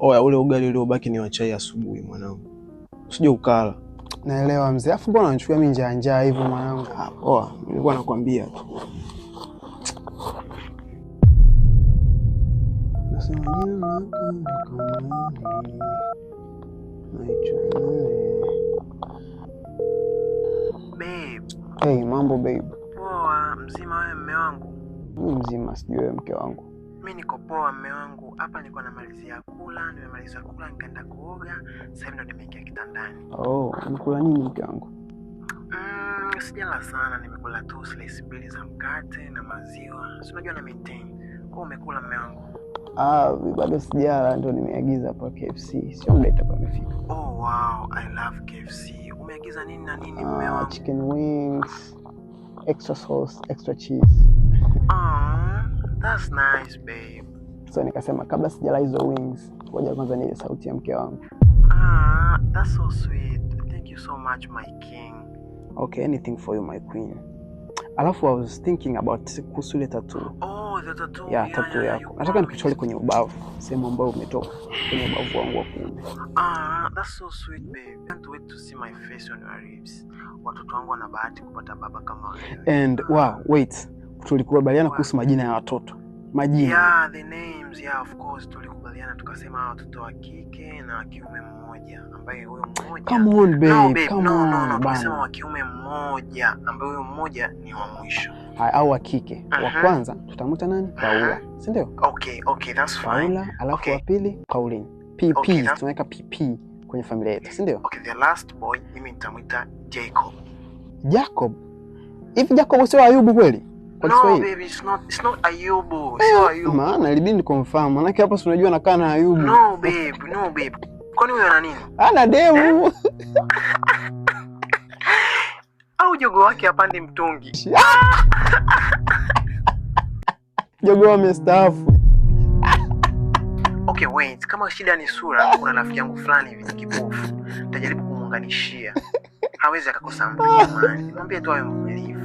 oya, ule ugali uliobaki ni wachai asubuhi mwanangu, usije ukala. Naelewa mzee, afu mbona unachukua mimi njaa njaa hivyo mwanangu? Ah, poa, nilikuwa nakwambia tu. Hey, mambo babe. Poa, mzima wewe mume wangu? Mzima, sijui wewe mke wangu Mi niko poa, mme wangu. Hapa niko namalizia kula, nimemaliza kula nikaenda kuoga, sasa ndo nimeingia kitandani. Oh, mkula nini mke wangu? Mm, sijala sana, nimekula tu slice mbili za mkate na maziwa, si unajua na maintain. Kwa umekula mme wangu? Ah, bado sijala, ndo nimeagiza hapa KFC, sio muda itakuwa imefika. Oh, wow, I love KFC. Umeagiza nini na nini mme ah, wangu? Ah, chicken wings, extra sauce, extra cheese. ah, That's nice babe. So nikasema kabla sijala hizo wings, ngoja kwanza nile sauti ya mke wangu. Ah, that's so sweet. Thank you so much my king. Okay, anything for you my queen. Alafu I was thinking about kuhusu ile tattoo. Oh, the tattoo. Yeah, yeah tattoo yeah, yako. Nataka nikuchole kwenye ubavu, sehemu ambayo umetoka kwenye ubavu wangu wa kuume. Ah, that's so sweet babe. Can't wait to see my face on your ribs. Watoto wangu wana bahati kupata baba kama wewe. And wow, wait. Tulikubaliana kuhusu majina ya watoto majina. Yeah, the names, yeah, of course tulikubaliana tukasema watoto wa kike na wa kiume mmoja ambaye huyo mmoja. Come on babe, no, babe, come no, no, no, on. Tukasema wa kiume mmoja ambaye huyo mmoja ni wa mwisho. Hai, au wa kike. Uh -huh. Wa uh-huh. kwanza tutamuita nani? Uh-huh. Paula. Uh -huh. Si ndio? Okay, okay, that's fine. Paula, alafu okay. Wa pili Pauline. PP, okay, tunaweka PP kwenye familia yetu, si ndio? Okay, the last boy mimi nitamuita Jacob. Jacob? Hivi Jacob sio Ayubu kweli? Ayubu. Ayubu. sio maana ilibidi ni confirm, Maana hapa si unajua nakaa na Ayubu. No babe, no babe. Kwani huyo ana nini? Ana demu. Eh? Au jogo wake apande mtungi. Ah! Jogo amestaafu. Okay, wait. Kama shida ni sura, kuna rafiki yangu fulani hivi kipofu. Nitajaribu kumuunganishia. Hawezi akakosa mtu jamani. Mwambie tu awe mvumilivu.